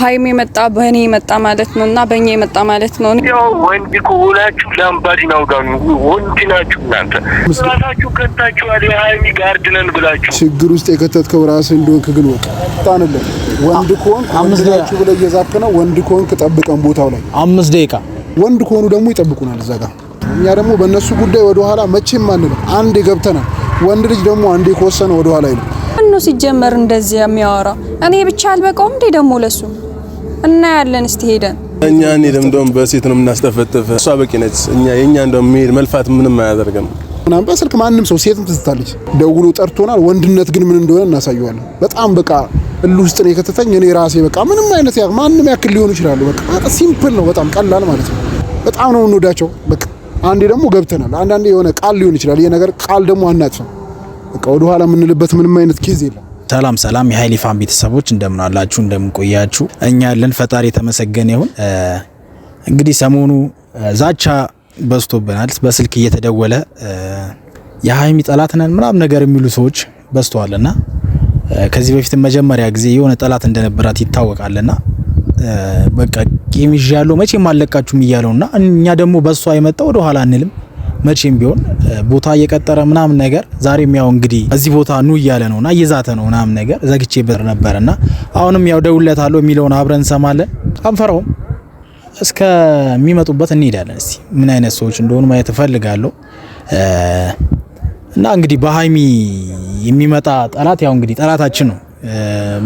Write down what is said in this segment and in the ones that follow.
በሀይሜ የመጣ በእኔ የመጣ ማለት ነው እና በእኛ የመጣ ማለት ነው። ያው ወንድ ከሆናችሁ ላምባዲ ናውጋኑ ወንድ ናችሁ እናንተ ራሳችሁ ከታችኋል። የሀይሚ ጋርድ ነን ብላችሁ ችግር ውስጥ የከተትከው ራስህ እንደሆንክ ግን ወቅ ጣንለን ወንድ ከሆንክ አምስት ናችሁ ብለህ እየዛብክ ነው። ወንድ ከሆንክ ጠብቀን ቦታው ላይ አምስት ደቂቃ ወንድ ከሆኑ ደግሞ ይጠብቁናል እዛ ጋር። እኛ ደግሞ በእነሱ ጉዳይ ወደኋላ መቼም አንልም። አንዴ ገብተናል። ወንድ ልጅ ደግሞ አንዴ ከወሰነ ወደኋላ ይልም ነው ሲጀመር እንደዚያ የሚያወራ እኔ ብቻ አልበቃውም እንዴ ደግሞ ለሱ እናያለን። እስቲ ሄደን እኛ እንሂድም። እንደውም በሴት ነው የምናስጠፈጥፍ። እሷ በቂ ነች። እኛ የእኛ እንደውም መሄድ መልፋት ምንም አያደርግም። ምናምን በስልክ ማንም ሰው ሴትም ትዝታለች፣ ደውሎ ጠርቶናል። ወንድነት ግን ምን እንደሆነ እናሳየዋለን። በጣም በቃ እሉ ውስጥ ነው የከተተኝ። እኔ ራሴ በቃ ምንም አይነት ያ ማንም ያክል ሊሆኑ ይችላሉ። በቃ ሲምፕል ነው፣ በጣም ቀላል ማለት ነው። በጣም ነው እንወዳቸው። በቃ አንዴ ደግሞ ገብተናል። አንዳንዴ የሆነ ቃል ሊሆን ይችላል ይሄ ነገር ቃል ደግሞ አናጥፍም። በቃ ወደኋላ የምንልበት ምንም አይነት ኬዝ የለም። ሰላም ሰላም የሀይሌ ፋን ቤተሰቦች እንደምን አላችሁ? እንደምን ቆያችሁ? እኛ ያለን ፈጣሪ የተመሰገነ ይሁን። እንግዲህ ሰሞኑ ዛቻ በዝቶብናል። በስልክ እየተደወለ የሀይሚ ጠላት ነን ምናምን ነገር የሚሉ ሰዎች በዝተዋልና ከዚህ በፊት መጀመሪያ ጊዜ የሆነ ጠላት እንደነበራት ይታወቃልና በቃ ቂም ይዤ ያለው መቼም አለቃችሁም እያለውና እኛ ደግሞ በሷ የመጣ ወደ ኋላ አንልም መቼም ቢሆን ቦታ እየቀጠረ ምናምን ነገር ዛሬም ያው እንግዲህ እዚህ ቦታ ኑ እያለ ነውና እየዛተ ነው ምናምን ነገር ዘግቼ ብር ነበርና አሁንም ያው ደውለት አለው የሚለውን አብረን እንሰማለን። አንፈራውም። እስከሚመጡበት እንሄዳለን። እስቲ ምን አይነት ሰዎች እንደሆኑ ማየት እፈልጋለሁ። እና እንግዲህ በሀይሚ የሚመጣ ጠላት ያው እንግዲህ ጠላታችን ነው።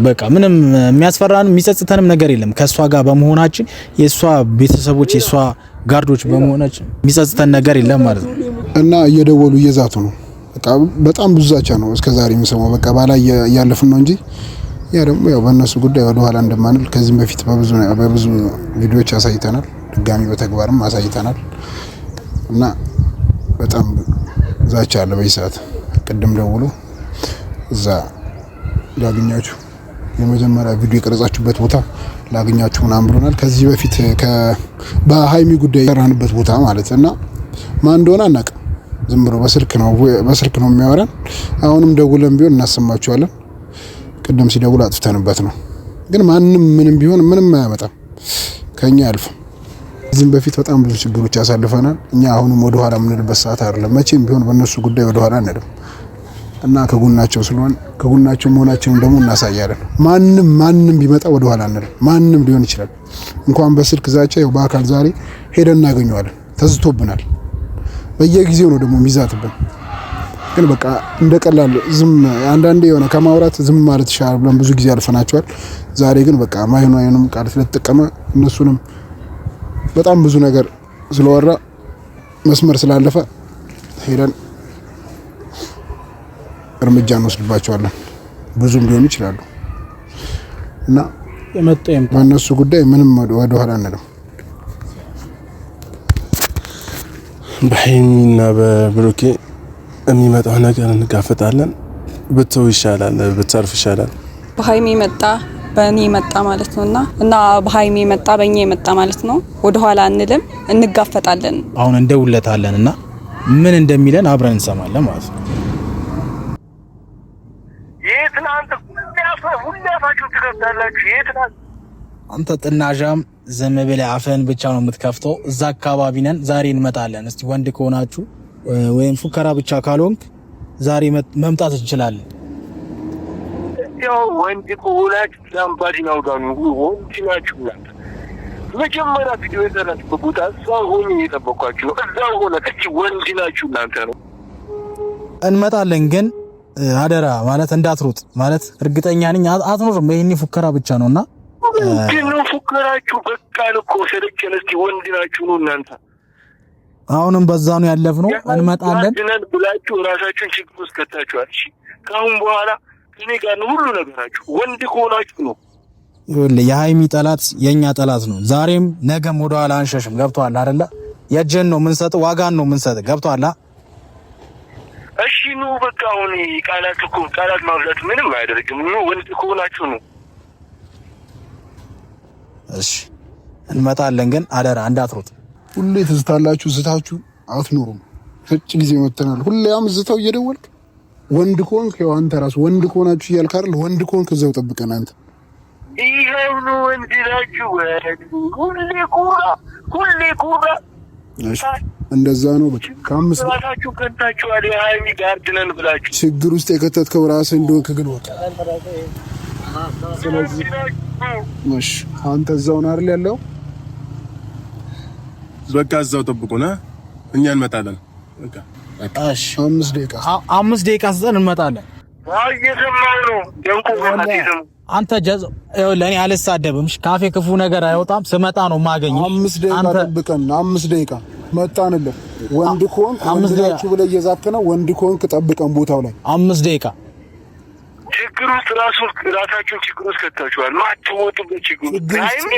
በቃ ምንም የሚያስፈራንም የሚጸጽተንም ነገር የለም ከእሷ ጋር በመሆናችን የእሷ ቤተሰቦች የእሷ ጋርዶች በመሆናች የሚጸጽተን ነገር የለም ማለት ነው። እና እየደወሉ እየዛቱ ነው። በጣም ብዙ ዛቻ ነው እስከዛሬ የሚሰማው። በቃ ባላ እያለፍን ነው እንጂ ያ ደግሞ ያው በእነሱ ጉዳይ ወደ ኋላ እንደማንል ከዚህም በፊት በብዙ በብዙ ቪዲዮዎች አሳይተናል። ድጋሚ በተግባርም አሳይተናል እና በጣም ዛቻ አለ በዚህ ሰዓት። ቅድም ደውሎ እዛ ላገኛችሁ የመጀመሪያ ቪዲዮ የቀረጻችሁበት ቦታ ላገኛችሁ ምናምን ብሎናል። ከዚህ በፊት በሀይሚ ጉዳይ የሰራንበት ቦታ ማለት እና ማን እንደሆነ አናውቅም። ዝም ብሎ በስልክ ነው በስልክ ነው የሚያወራን። አሁንም ደውለን ቢሆን እናሰማችኋለን። ቅድም ሲደውል አጥፍተንበት ነው። ግን ማንም ምንም ቢሆን ምንም አያመጣም፣ ከኛ አያልፍም። ከዚህም በፊት በጣም ብዙ ችግሮች ያሳልፈናል። እኛ አሁንም ወደኋላ የምንልበት ሰዓት አይደለም። መቼም ቢሆን በእነሱ ጉዳይ ወደኋላ አንልም። እና ከጎናቸው ስለሆን ከጎናቸው መሆናቸውን ደግሞ እናሳያለን። ማንም ማንም ቢመጣ ወደ ኋላ አንልም። ማንም ሊሆን ይችላል እንኳን በስልክ ዛቻ፣ ያው በአካል ዛሬ ሄደን እናገኘዋለን። ተዝቶብናል። በየጊዜው ነው ደግሞ የሚዛትብን። ግን በቃ እንደ ቀላል ዝም አንዳንዴ የሆነ ከማውራት ዝም ማለት ይሻላል ብለን ብዙ ጊዜ አልፈናቸዋል። ዛሬ ግን በቃ ማይሆንም ቃል ስለተጠቀመ እነሱንም በጣም ብዙ ነገር ስለወራ መስመር ስላለፈ ሄደን እርምጃ እንወስድባቸዋለን። ብዙም ሊሆኑ ይችላሉ እና በእነሱ ጉዳይ ምንም ወደ ኋላ አንልም። በሀይሚ እና በብሩኬ የሚመጣው ነገር እንጋፈጣለን። ብትው ይሻላል፣ ብትሰርፍ ይሻላል። በሀይሚ መጣ በእኔ መጣ ማለት ነው እና እና በሀይሚ መጣ በእኛ የመጣ ማለት ነው። ወደኋላ አንልም፣ እንጋፈጣለን። አሁን እንደውለታለን እና ምን እንደሚለን አብረን እንሰማለን ማለት ነው። ትመታላችሁ? የት ናት? አንተ ጥናዣም ዝም ብለህ አፍህን ብቻ ነው የምትከፍተው። እዛ አካባቢ ነን፣ ዛሬ እንመጣለን። እስቲ ወንድ ከሆናችሁ ወይም ፉከራ ብቻ ካልሆንክ ዛሬ መምጣት እንችላለን። ያው ወንድ ከሆናችሁ ወንድ ናችሁ እናንተ። መጀመሪያ ቪዲዮ እዛ እየጠበኳችሁ ነው። እዛ ሆነ ወንድ ናችሁ እናንተ ነው። እንመጣለን ግን አደራ ማለት እንዳትሮጥ ማለት እርግጠኛ ነኝ አትኖርም። ይህን ፉከራ ብቻ ነው እና ግን ፉከራችሁ በቃን እኮ ሰለቸን። እስኪ ወንድ ናችሁ ነው እናንተ። አሁንም በዛ ነው ያለፍ ነው እንመጣለን ብላችሁ ራሳችሁን ችግር ውስጥ ከታችኋል። ከአሁን በኋላ እኔ ጋር ነው ሁሉ ነገራችሁ። ወንድ ከሆናችሁ ነው ይኸውልህ፣ የሀይሚ ጠላት የእኛ ጠላት ነው። ዛሬም ነገም ወደኋላ አንሸሽም። ገብቶሃል አይደለ? የእጅህን ነው የምንሰጥ፣ ዋጋን ነው የምንሰጥ። ገብቶሃል እሺ ኑ በቃ አሁን ቃላት እኮ ቃላት ማብዛት ምንም አያደርግም። ኑ ወንድ ከሆናችሁ ኑ። እሺ እንመጣለን፣ ግን አደራ እንዳትሮጥ። ሁሌ ትዝታላችሁ፣ ዝታችሁ አትኖሩም። ፍጭ ጊዜ መተናል። ሁሌ ያም ዝታው እየደወልክ ወንድ ከሆንክ ያው አንተ ራሱ ወንድ ከሆናችሁ እያልክ አይደል? ወንድ ከሆንክ እዛው ጠብቀን አንተ ይሄው ነው ወንድ ናችሁ። ሁሌ ኩራ፣ ሁሌ ኩራ እንደዛ ነው። በቃ ከአምስት ራሳችሁ ከታችኋል። የሀይሚ ጋርድ ነን ብላችሁ ችግር ውስጥ የከተትከው ራስህ እንደሆንክ ግን ወቅ ስለዚህ አንተ እዛው ነው አይደል ያለው? በቃ እዛው ጠብቁና እኛ እንመጣለን። በቃ አምስት ደቂቃ አምስት ደቂቃ ስጠን እንመጣለን። አንተ ጀዝ ለእኔ አልሳደብም። ካፌ ክፉ ነገር አይወጣም። ስመጣ ነው የማገኘው። አምስት ደቂቃ ጠብቀን አምስት ደቂቃ መጣንልህ። ወንድ ኮን አምስት ደቂቃ ብለህ እየዛት ነው። ወንድ ከሆንክ ጠብቀን ቦታው ላይ አምስት ደቂቃ ችግር ውስጥ ራሱ ራሳችሁን ችግር ውስጥ ከታችኋል። ማትወጡበት ችግር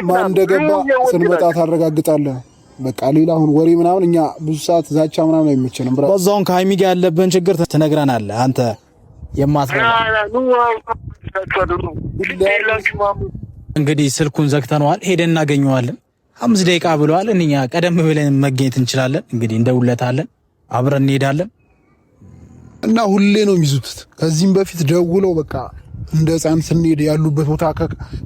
ማን እንደገባ ስንመጣ ታረጋግጣለህ። በቃ ሌላ አሁን ወሬ ምናምን እኛ ብዙ ሰዓት ዛቻ ምናምን አይመቸንም። በዛውን ከሀይሚ ጋር ያለብን ችግር ትነግረናለህ አንተ የማትረባ እንግዲህ ስልኩን ዘግተነዋል። ሄደን እናገኘዋለን። አምስት ደቂቃ ብለዋል። እኛ ቀደም ብለን መገኘት እንችላለን። እንግዲህ እንደውለታለን፣ አብረን እንሄዳለን እና ሁሌ ነው የሚዙት። ከዚህም በፊት ደውለው በቃ እንደ ህፃን ስንሄድ ያሉበት ቦታ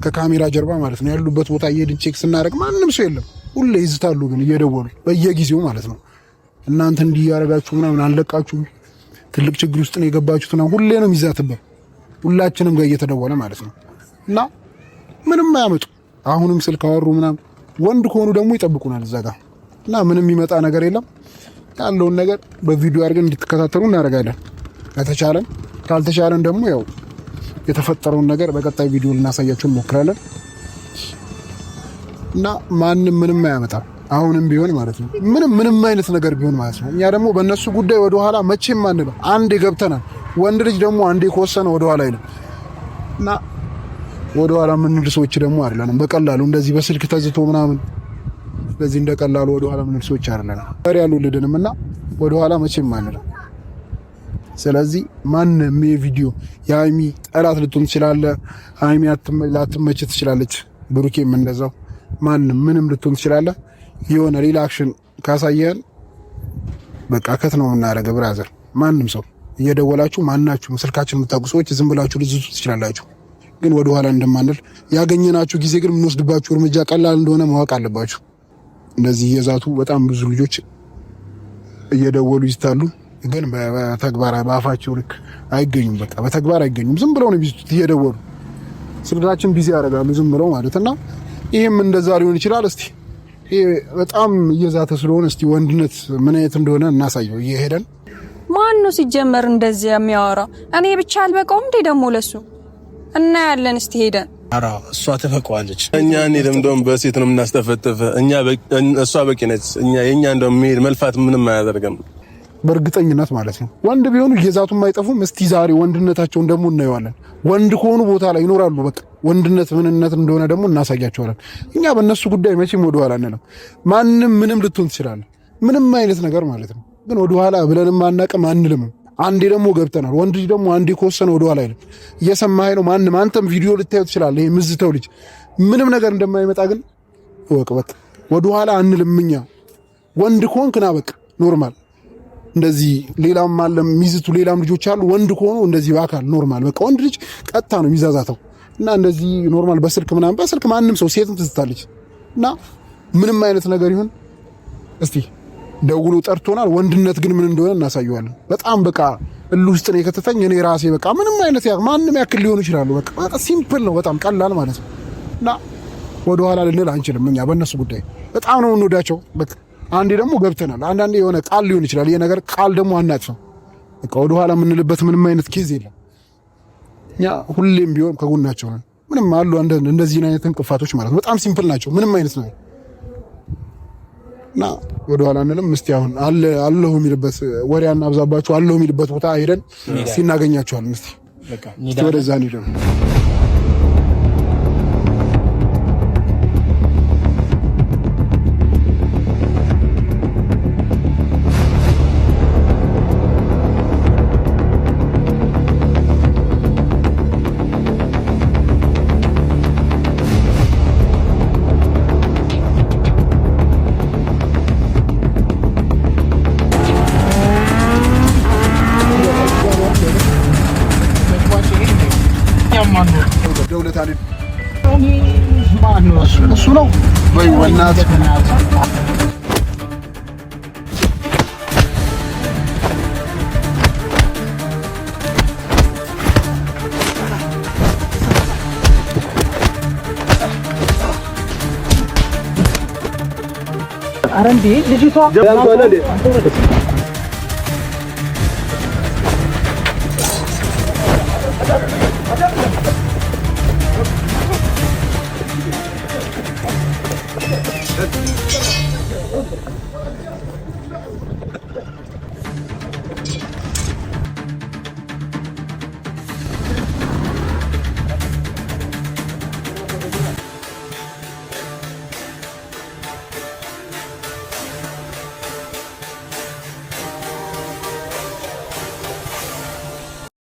ከካሜራ ጀርባ ማለት ነው ያሉበት ቦታ እየሄድን ቼክ ስናደርግ ማንም ሰው የለም። ሁሌ ይዝታሉ፣ ግን እየደወሉ በየጊዜው ማለት ነው። እናንተ እንዲህ እያደረጋችሁ ምናምን አለቃችሁ፣ ትልቅ ችግር ውስጥ ነው የገባችሁት ምናምን ሁሌ ነው የሚዛትበት፣ ሁላችንም ጋር እየተደወለ ማለት ነው እና ምንም አያመጡ አሁንም ስልክ አወሩ ምናምን ወንድ ከሆኑ ደግሞ ይጠብቁናል እዛ ጋር እና ምንም የሚመጣ ነገር የለም። ያለውን ነገር በቪዲዮ አድርገን እንድትከታተሉ እናደርጋለን ከተቻለን። ካልተቻለን ደግሞ ያው የተፈጠረውን ነገር በቀጣይ ቪዲዮ ልናሳያቸው እንሞክራለን እና ማንም ምንም አያመጣም። አሁንም ቢሆን ማለት ነው ምንም ምንም አይነት ነገር ቢሆን ማለት ነው። እኛ ደግሞ በእነሱ ጉዳይ ወደኋላ መቼም አንልም። አንዴ ገብተናል። ወንድ ልጅ ደግሞ አንዴ ከወሰነ ወደኋላ አይልም እና ወደ ኋላ የምንል ሰዎች ደግሞ አይደለንም። በቀላሉ እንደዚህ በስልክ ተዝቶ ምናምን ስለዚህ እንደ ቀላሉ ወደ ኋላ የምንል ሰዎች አይደለንም። በር ያሉ ልድንም እና ወደ ኋላ መቼም አንልም። ስለዚህ ማንም የቪዲዮ የሀይሚ ጠላት ልትሆን ትችላለህ። ሀይሚ ላትመች ትችላለች። ብሩኬም እንደዛው ማንም ምንም ልትሆን ትችላለህ። የሆነ ሌላ አክሽን ካሳየህን በቃ ከት ነው የምናደርገው ብራዘር። ማንም ሰው እየደወላችሁ ማናችሁ ስልካችን የምታውቁ ሰዎች ዝም ብላችሁ ልዝቱ ትችላላችሁ። ግን ወደኋላ እንደማንል ያገኘናችሁ ጊዜ ግን የምንወስድባችሁ እርምጃ ቀላል እንደሆነ ማወቅ አለባችሁ። እንደዚህ እየዛቱ በጣም ብዙ ልጆች እየደወሉ ይስታሉ፣ ግን በተግባር በአፋቸው ልክ አይገኙም። በቃ በተግባር አይገኙም። ዝም ብለው ነው እየደወሉ ስልካችን ቢዚ ያደርጋሉ፣ ዝም ብለው ማለት እና ይህም እንደዛ ሊሆን ይችላል። እስቲ በጣም እየዛተ ስለሆነ እስቲ ወንድነት ምን አይነት እንደሆነ እናሳየው እየሄደን ማን ነው ሲጀመር እንደዚህ የሚያወራ? እኔ ብቻ አልበቃውም እንዴ ደግሞ ለሱ እናያለን። እስቲ ሄደን ኧረ እሷ ተፈቀዋለች። እኛ እንሂድም። እንደውም በሴት ነው የምናስተፈጥፍ እኛ። እሷ በቂ ነች። እኛ የእኛ እንደውም መሄድ መልፋት ምንም አያደርግም። በእርግጠኝነት ማለት ነው ወንድ ቢሆኑ እየዛቱም አይጠፉም። እስቲ ዛሬ ወንድነታቸውን ደግሞ እናየዋለን። ወንድ ከሆኑ ቦታ ላይ ይኖራሉ። በቃ ወንድነት ምንነት እንደሆነ ደግሞ እናሳያቸዋለን። እኛ በእነሱ ጉዳይ መቼም ወደኋላ አንልም። ማንም ምንም ልትሆን ትችላለን፣ ምንም አይነት ነገር ማለት ነው። ግን ወደኋላ ብለንም አናቅም አንልምም። አንዴ ደግሞ ገብተናል። ወንድ ልጅ ደግሞ አንዴ ከወሰነ ወደኋላ አይልም። እየሰማኸኝ ነው? ማንም አንተም ቪዲዮ ልታዩ ትችላለህ። ይሄ ምዝተው ልጅ ምንም ነገር እንደማይመጣ ግን እወቅ። በቃ ወደኋላ አንልም እኛ ወንድ ከሆንክ ና በቃ ኖርማል። እንደዚህ ሌላም አለ ሚዝቱ ሌላም ልጆች አሉ። ወንድ ከሆኑ እንደዚህ በአካል ኖርማል። በቃ ወንድ ልጅ ቀጥታ ነው የሚዛዛተው እና እንደዚህ ኖርማል በስልክ ምናምን በስልክ ማንም ሰው ሴትም ትዝታለች እና ምንም አይነት ነገር ይሁን እስቲ ደውሎ ጠርቶናል። ወንድነት ግን ምን እንደሆነ እናሳየዋለን። በጣም በቃ እሉ ውስጥ ነው የከተተኝ። እኔ ራሴ በቃ ምንም አይነት ማንም ያክል ሊሆኑ ይችላሉ። በቃ ሲምፕል ነው፣ በጣም ቀላል ማለት ነው። እና ወደኋላ ልንል አንችልም። እኛ በእነሱ ጉዳይ በጣም ነው እንወዳቸው። አንዴ ደግሞ ገብተናል። አንዳንዴ የሆነ ቃል ሊሆን ይችላል። ይሄ ነገር ቃል ደግሞ አናጥፈው፣ በቃ ወደኋላ የምንልበት ምንም አይነት ኬዝ የለም። እኛ ሁሌም ቢሆን ከጎናቸው ነን። ምንም አሉ እንደዚህ አይነት እንቅፋቶች ማለት ነው። በጣም ሲምፕል ናቸው። ምንም አይነት ነው እና ወደኋላ አንልም። እስቲ አሁን አለ አለሁ የሚልበት ወሬ አናብዛባችሁ። አለሁ የሚልበት ቦታ ሄደን ሲናገኛቸዋል። እስቲ ወደዛ እንሂድ ነው ታዲያ እሱ ነው በይ ወናት አረ ልጅቷ